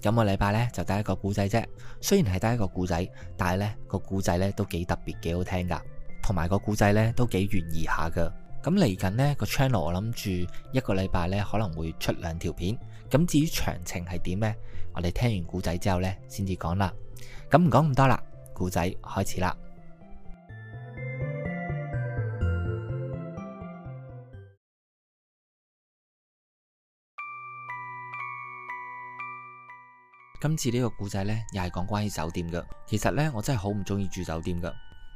今個禮拜呢，就得一個故仔啫，雖然係得一個故仔，但係呢個故仔呢都幾特別，幾好聽噶，同埋個故仔呢都幾懸疑下噶。咁嚟緊呢個 channel，我諗住一個禮拜呢可能會出兩條片。咁至於詳情係點呢？我哋聽完故仔之後呢，先至講啦。咁唔講咁多啦，故仔開始啦。今次呢個故仔呢，又係講關於酒店嘅。其實呢，我真係好唔中意住酒店嘅。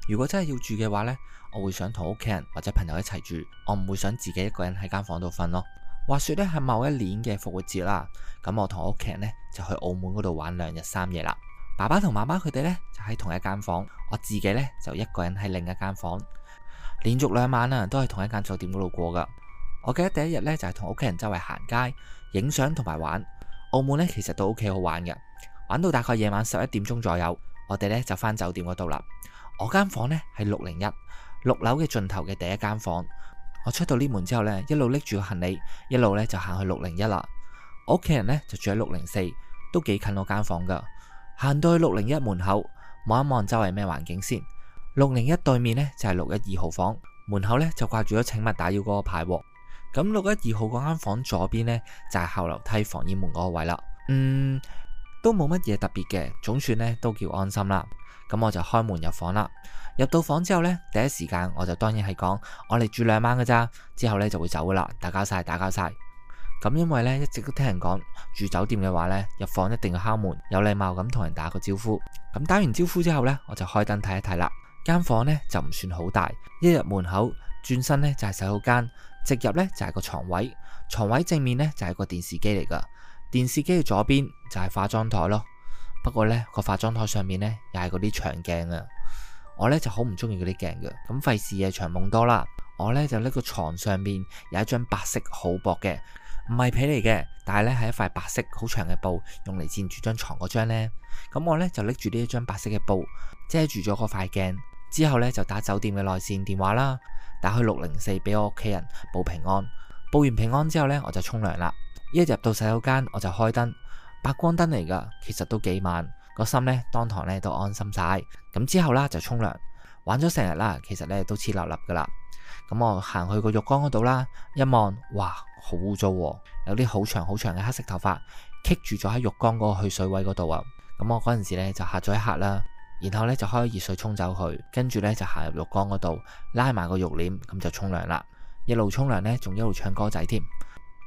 如果真係要住嘅話呢，我會想同屋企人或者朋友一齊住，我唔會想自己一個人喺間房度瞓咯。話説呢，係某一年嘅復活節啦，咁我同屋企人呢，就去澳門嗰度玩兩日三夜啦。爸爸同媽媽佢哋呢，就喺同一間房，我自己呢，就一個人喺另一間房。連續兩晚啊，都係同一間酒店嗰度過嘅。我記得第一日呢，就係同屋企人周圍行街、影相同埋玩。澳門咧其實都 ok 好玩嘅，玩到大概夜晚十一點鐘左右，我哋咧就返酒店嗰度啦。我間房咧係六零一，六樓嘅盡頭嘅第一間房。我出到呢門之後咧，一路拎住個行李，一路咧就行去六零一啦。我屋企人咧就住喺六零四，都幾近我間房噶。行到去六零一門口，望一望周圍咩環境先。六零一對面呢就係六一二號房，門口咧就掛住咗請勿打擾嗰個牌喎。咁六一二號嗰間房左邊呢，就係後樓梯防煙門嗰個位啦，嗯，都冇乜嘢特別嘅，總算呢都叫安心啦。咁我就開門入房啦。入到房之後呢，第一時間我就當然係講我哋住兩晚噶咋，之後呢就會走啦，打攪晒，打攪晒。咁因為呢一直都聽人講住酒店嘅話呢，入房一定要敲門，有禮貌咁同人打個招呼。咁打完招呼之後呢，我就開燈睇一睇啦。間房呢就唔算好大，一入門口轉身呢就係洗手間。直入呢就係個床位，床位正面呢就係個電視機嚟噶，電視機嘅左邊就係化妝台咯。不過呢個化妝台上面呢又係嗰啲長鏡啊，我呢就好唔中意嗰啲鏡噶，咁費事夜長夢多啦。我呢就拎個床上面有一張白色好薄嘅，唔係皮嚟嘅，但係呢係一塊白色好長嘅布，用嚟墊住張床嗰張呢。咁我呢就拎住呢一張白色嘅布，遮住咗嗰塊鏡。之後呢，就打酒店嘅內線電話啦，打去六零四俾我屋企人報平安。報完平安之後呢，我就沖涼啦。一入到洗手間我就開燈，白光燈嚟噶，其實都幾晚，個心呢當堂呢都安心晒。咁之後啦就沖涼，玩咗成日啦，其實呢都黐笠笠噶啦。咁我行去個浴缸嗰度啦，一望哇好污糟喎，有啲好長好長嘅黑色頭髮棘住咗喺浴缸嗰個去水位嗰度啊。咁我嗰陣時咧就吓咗一吓啦。然後咧就開熱水沖走佢，跟住咧就行入浴缸嗰度拉埋個浴簾，咁就沖涼啦。一路沖涼呢，仲一路唱歌仔添。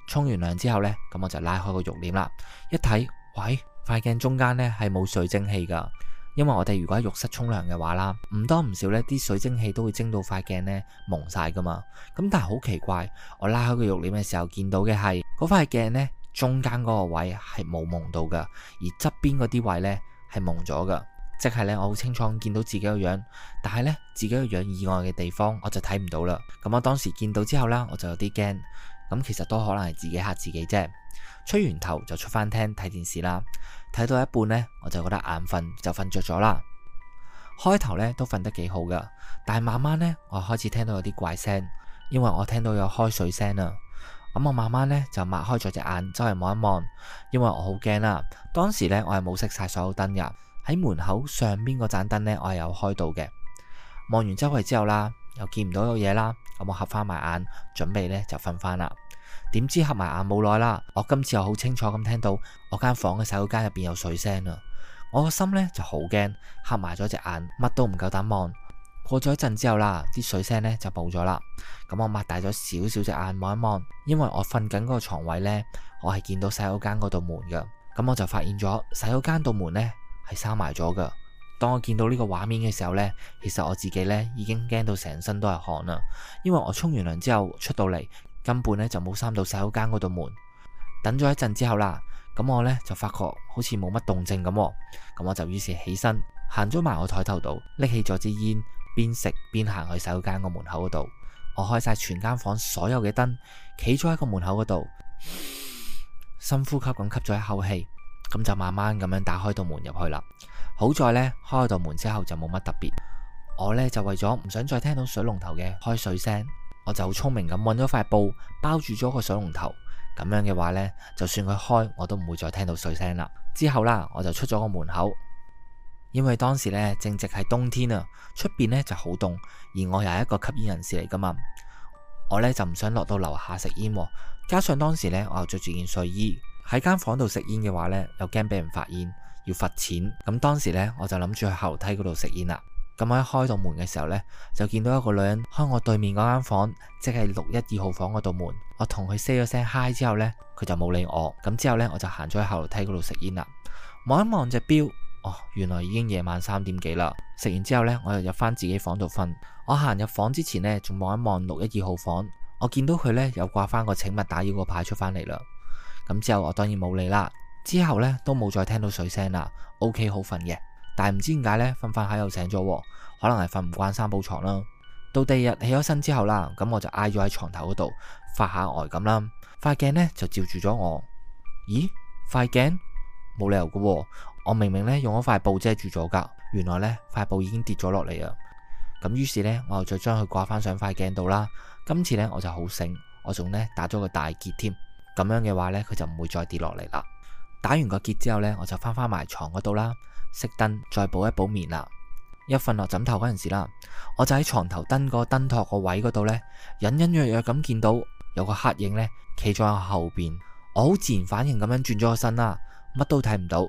沖完涼之後呢，咁我就拉開個浴簾啦。一睇，喂，塊鏡中間呢係冇水蒸氣噶，因為我哋如果喺浴室沖涼嘅話啦，唔多唔少呢啲水蒸氣都會蒸到塊鏡呢蒙晒噶嘛。咁但係好奇怪，我拉開個浴簾嘅時候見到嘅係嗰塊鏡呢中間嗰個位係冇蒙到噶，而側邊嗰啲位呢係蒙咗噶。即係咧，我好清楚見到自己個樣，但係呢，自己個樣以外嘅地方我就睇唔到啦。咁我當時見到之後咧，我就有啲驚。咁其實都可能係自己吓自己啫。吹完頭就出翻廳睇電視啦。睇到一半呢，我就覺得眼瞓，就瞓着咗啦。開頭呢都瞓得幾好噶，但係慢慢呢，我開始聽到有啲怪聲，因為我聽到有開水聲啊。咁我慢慢呢就擘開咗隻眼，周圍望一望，因為我好驚啦。當時呢，我係冇熄晒所有燈噶。喺門口上邊嗰盞燈呢，我係有開到嘅。望完周圍之後啦，又見唔到有嘢啦。咁我合翻埋眼，準備呢就瞓翻啦。點知合埋眼冇耐啦，我今次又好清楚咁聽到我間房嘅洗手間入邊有水聲啊。我個心呢就好驚，合埋咗隻眼，乜都唔夠膽望。過咗一陣之後啦，啲水聲呢就冇咗啦。咁我擘大咗少少隻眼望一望，因為我瞓緊嗰個床位呢，我係見到洗手間嗰度門嘅。咁我就發現咗洗手間度門呢。係閂埋咗噶當我見到呢個畫面嘅時候呢，其實我自己呢已經驚到成身都係汗啦。因為我沖完涼之後出到嚟，根本呢就冇閂到洗手間嗰道門。等咗一陣之後啦，咁我呢就發覺好似冇乜動靜咁。咁我就於是起身行咗埋我台頭度，拎起咗支煙，邊食邊行去洗手間個門口嗰度。我開晒全間房所有嘅燈，企咗喺個門口嗰度，深呼吸咁吸咗一口氣。咁就慢慢咁樣打開到門入去啦。好在呢，開到門之後就冇乜特別。我呢，就為咗唔想再聽到水龍頭嘅開水聲，我就好聰明咁搵咗塊布包住咗個水龍頭。咁樣嘅話呢，就算佢開，我都唔會再聽到水聲啦。之後啦，我就出咗個門口，因為當時呢，正值係冬天啊，出邊呢就好凍，而我又係一個吸煙人士嚟噶嘛，我呢，就唔想落到樓下食煙，加上當時呢，我又着住件睡衣。喺間房度食煙嘅話呢，又驚俾人發現要罰錢。咁當時呢，我就諗住去後樓梯嗰度食煙啦。咁我一開到門嘅時候呢，就見到一個女人開我對面嗰間房，即係六一二號房嗰道門。我同佢 say 咗聲 hi 之後呢，佢就冇理我。咁之後呢，我就行咗去後樓梯嗰度食煙啦。望一望隻表，哦，原來已經夜晚三點幾啦。食完之後呢，我又入翻自己房度瞓。我行入房之前呢，仲望一望六一二號房，我見到佢呢，又掛翻個請勿打擾個牌出翻嚟啦。咁之後我當然冇理啦，之後呢，都冇再聽到水聲啦。OK，好瞓嘅，但係唔知點解呢，瞓瞓下又醒咗，可能係瞓唔慣三鋪床啦。到第二日起咗身之後啦，咁我就挨咗喺床頭嗰度發下呆咁啦。塊鏡呢就照住咗我，咦？塊鏡冇理由噶，我明明呢用咗塊布遮住咗噶，原來呢，塊布已經跌咗落嚟啊！咁於是呢，我又再將佢掛翻上塊鏡度啦。今次呢，我就好醒，我仲呢打咗個大結添。咁樣嘅話呢，佢就唔會再跌落嚟啦。打完個結之後呢，我就翻返埋床嗰度啦，熄燈，再補一補眠啦。一瞓落枕頭嗰陣時啦，我就喺床頭燈個燈托個位嗰度呢，隱隱約約咁見到有個黑影呢企咗喺後邊。我好自然反應咁樣轉咗個身啦，乜都睇唔到。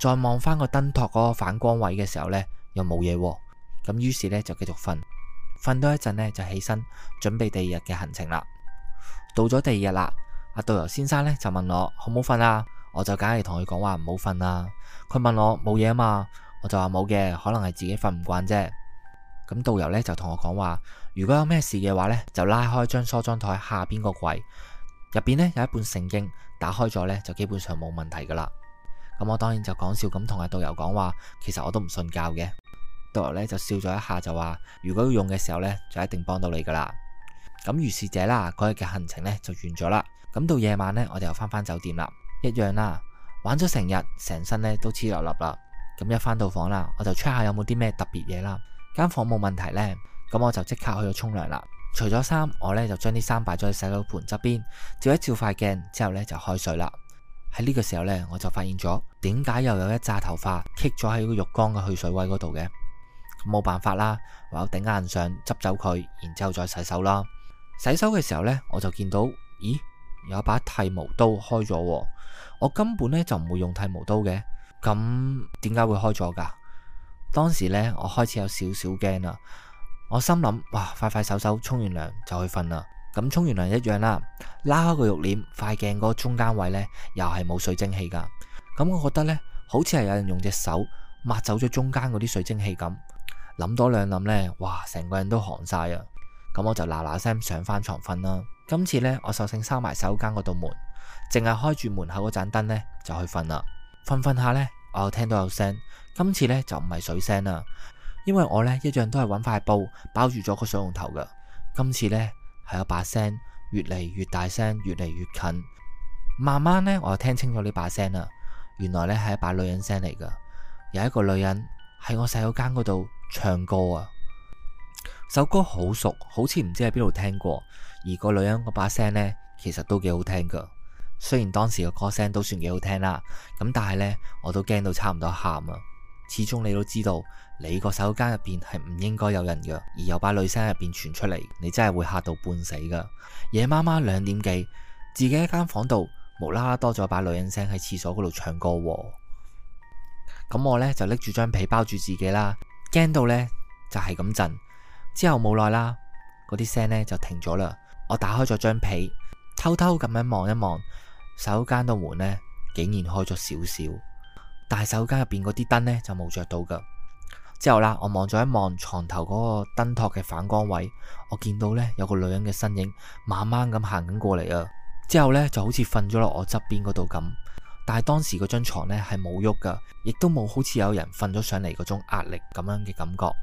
再望翻個燈托嗰個反光位嘅時候呢，又冇嘢。咁於是呢，就繼續瞓，瞓多一陣呢，就起身準備第二日嘅行程啦。到咗第二日啦。阿導遊先生咧就問我好唔好瞓啊？我就梗係同佢講話，唔好瞓啊。」佢問我冇嘢啊嘛？我就話冇嘅，可能係自己瞓唔慣啫。咁導遊咧就同我講話，如果有咩事嘅話咧，就拉開張梳妝台下邊個櫃入邊咧有一本聖經，打開咗咧就基本上冇問題噶啦。咁我當然就講笑咁同阿導遊講話，其實我都唔信教嘅。導遊咧就笑咗一下就話，如果要用嘅時候咧就一定幫到你噶啦。咁如是者啦，嗰日嘅行程咧就完咗啦。咁到夜晚呢，我哋又翻返酒店啦，一樣啦，玩咗成日，成身呢都黐笠笠啦。咁一翻到房啦，我就 check 下有冇啲咩特別嘢啦。間房冇問題呢，咁我就即刻去咗沖涼啦。除咗衫，我呢就將啲衫擺咗喺洗手盆側邊，照一照塊鏡之後呢就開水啦。喺呢個時候呢，我就發現咗點解又有一紮頭髮棘咗喺個浴缸嘅去水位嗰度嘅。咁冇辦法啦，唯有頂硬上，執走佢，然之後再洗手啦。洗手嘅時候呢，我就見到咦？有一把剃毛刀開咗，我根本咧就唔會用剃毛刀嘅，咁點解會開咗噶？當時呢，我開始有少少驚啦，我心諗哇，快快手手沖完涼就去瞓啦。咁沖完涼一樣啦，拉開個浴簾，塊鏡個中間位呢又係冇水蒸氣噶。咁我覺得呢，好似係有人用隻手抹走咗中間嗰啲水蒸氣咁。諗多兩諗呢：「哇，成個人都寒晒啊！」咁我就嗱嗱聲上翻床瞓啦。今次呢，我索性閂埋洗手間嗰道門，淨係開住門口嗰盞燈呢，就去瞓啦。瞓瞓下呢，我又聽到有聲。今次呢，就唔係水聲啦，因為我呢一樣都係搵塊布包住咗個水龍頭噶。今次呢，係有把聲，越嚟越大聲，越嚟越近。慢慢呢，我又聽清楚呢把聲啦，原來呢係一把女人聲嚟噶，有一個女人喺我洗手間嗰度唱歌啊。首歌好熟，好似唔知喺邊度聽過。而個女人嗰把聲呢，其實都幾好聽噶。雖然當時個歌聲都算幾好聽啦，咁但係呢，我都驚到差唔多喊啊。始終你都知道，你個手間入邊係唔應該有人噶，而有把女聲入邊傳出嚟，你真係會嚇到半死噶。夜媽媽兩點幾，自己一間房度無啦啦多咗把女人聲喺廁所嗰度唱歌，咁我呢，就拎住張被包住自己啦，驚到呢，就係咁震。之後冇耐啦，嗰啲聲呢就停咗啦。我打開咗張被，偷偷咁樣望一望，手間嘅門呢，竟然開咗少少，但係手間入邊嗰啲燈呢就冇着到噶。之後啦，我望咗一望床頭嗰個燈托嘅反光位，我見到呢，有個女人嘅身影，慢慢咁行緊過嚟啊。之後呢就好似瞓咗落我側邊嗰度咁，但係當時嗰張床呢係冇喐噶，亦都冇好似有人瞓咗上嚟嗰種壓力咁樣嘅感覺，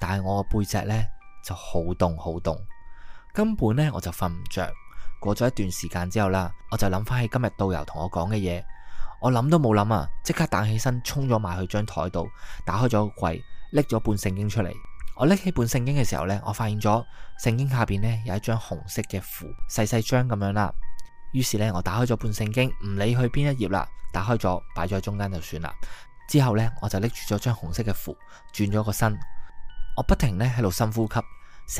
但係我個背脊呢就好凍好凍。根本咧我就瞓唔着。過咗一段時間之後啦，我就諗翻起今日導遊同我講嘅嘢，我諗都冇諗啊，即刻彈起身衝咗埋去張台度，打開咗個櫃，拎咗本聖經出嚟。我拎起本聖經嘅時候呢，我發現咗聖經下邊呢有一張紅色嘅符，細細張咁樣啦。於是呢，我打開咗本聖經，唔理去邊一頁啦，打開咗擺咗喺中間就算啦。之後呢，我就拎住咗張紅色嘅符，轉咗個身，我不停呢喺度深呼吸，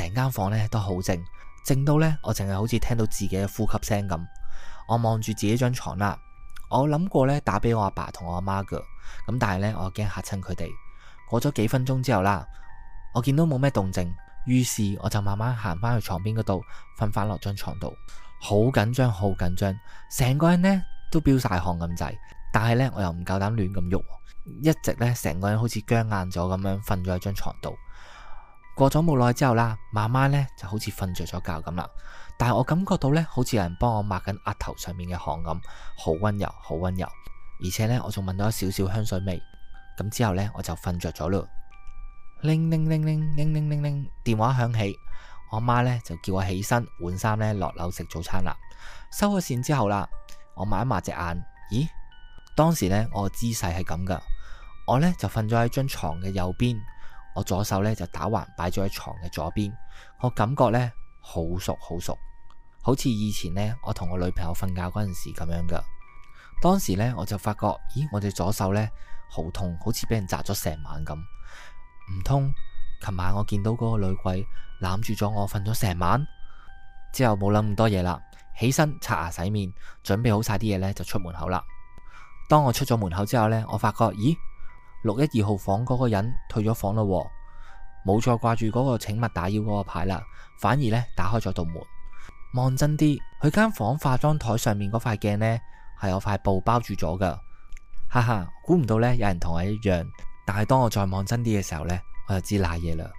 成間房呢都好靜。靜到呢，我淨係好似聽到自己嘅呼吸聲咁。我望住自己張床啦，我諗過呢，打俾我阿爸同我阿媽噶，咁但係呢，我驚吓親佢哋。過咗幾分鐘之後啦，我見到冇咩動靜，於是我就慢慢行翻去床邊嗰度，瞓翻落張床度。好緊張，好緊張，成個人呢都飆晒汗咁滯。但係呢，我又唔夠膽亂咁喐，一直呢，成個人好似僵硬咗咁樣瞓咗喺張床度。過咗冇耐之後啦，媽媽咧就好似瞓着咗覺咁啦，但我感覺到咧好似有人幫我抹緊額頭上面嘅汗咁，好溫柔，好溫柔，而且咧我仲聞到一少少香水味。咁之後咧我就瞓着咗啦。鈴鈴鈴鈴鈴鈴鈴鈴，電話響起，我媽咧就叫我起身換衫咧落樓食早餐啦。收咗線之後啦，我抹一抹隻眼，咦？當時咧我姿勢係咁噶，我咧就瞓咗喺張床嘅右邊。我左手咧就打橫擺咗喺床嘅左邊，我感覺咧好熟好熟，好似以前咧我同我女朋友瞓覺嗰陣時咁樣噶。當時咧我就發覺，咦，我隻左手咧好痛，好似俾人砸咗成晚咁。唔通琴晚我見到嗰個女鬼攬住咗我瞓咗成晚？之後冇諗咁多嘢啦，起身刷牙洗面，準備好晒啲嘢咧就出門口啦。當我出咗門口之後咧，我發覺，咦？六一二號房嗰個人退咗房啦，冇再掛住嗰個請勿打擾嗰個牌啦，反而咧打開咗道門，望真啲佢間房化妝台上面嗰塊鏡呢，係有塊布包住咗噶，哈哈，估唔到呢，有人同我一樣，但係當我再望真啲嘅時候呢，我就知瀨嘢啦。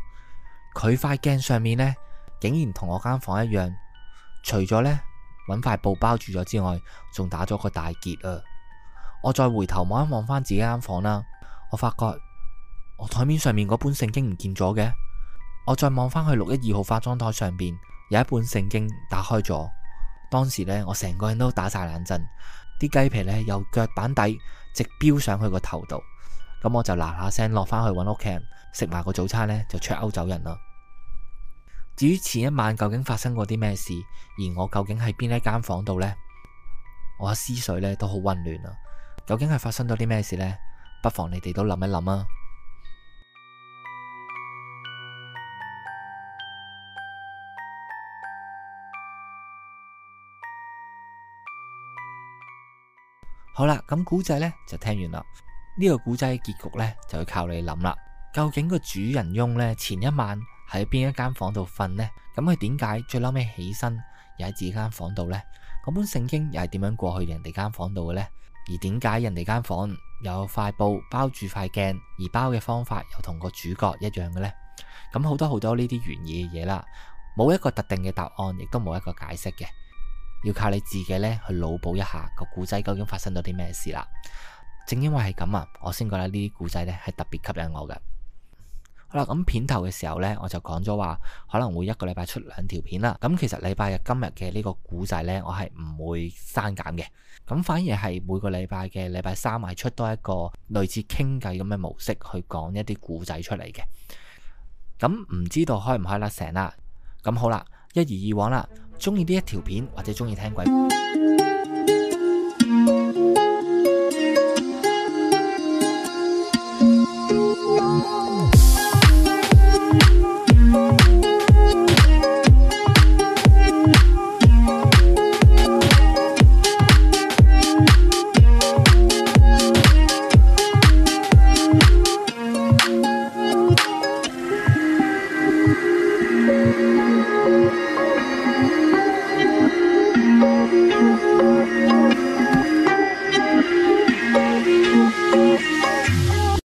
佢塊鏡上面呢，竟然同我間房一樣，除咗呢，揾塊布包住咗之外，仲打咗個大結啊！我再回頭望一望翻自己間房啦。我發覺我台面上面嗰本聖經唔見咗嘅，我再望返去六一二號化妝台上邊有一本聖經打開咗，當時呢，我成個人都打晒冷震，啲雞皮呢由腳板底直飆上去個頭度，咁、嗯、我就嗱嗱聲落返去搵屋企人食埋個早餐呢就出 h 走人啦。至於前一晚究竟發生過啲咩事，而我究竟喺邊一間房度呢？我嘅思緒呢都好混亂啊！究竟係發生咗啲咩事呢？不妨你哋都諗一諗啊！好啦，咁古仔呢就聽完啦。呢個古仔嘅結局呢，就要靠你諗啦。究竟個主人翁呢，前一晚喺邊一間房度瞓？呢？咁佢點解最嬲尾起身又喺自己間房度呢？嗰本聖經又係點樣過去人哋間房度嘅呢？而點解人哋間房有塊布包住塊鏡，而包嘅方法又同個主角一樣嘅呢？咁好多好多呢啲懸疑嘅嘢啦，冇一個特定嘅答案，亦都冇一個解釋嘅，要靠你自己呢去腦補一下個古仔究竟發生咗啲咩事啦。正因為係咁啊，我先覺得呢啲古仔呢係特別吸引我嘅。嗱，咁片頭嘅時候呢，我就講咗話可能會一個禮拜出兩條片啦。咁其實禮拜日今日嘅呢個古仔呢，我係唔會刪減嘅。咁反而係每個禮拜嘅禮拜三係出多一個類似傾偈咁嘅模式去講一啲古仔出嚟嘅。咁唔知道開唔開啦成啦？咁好啦，一如以往啦。中意呢一條片或者中意聽鬼。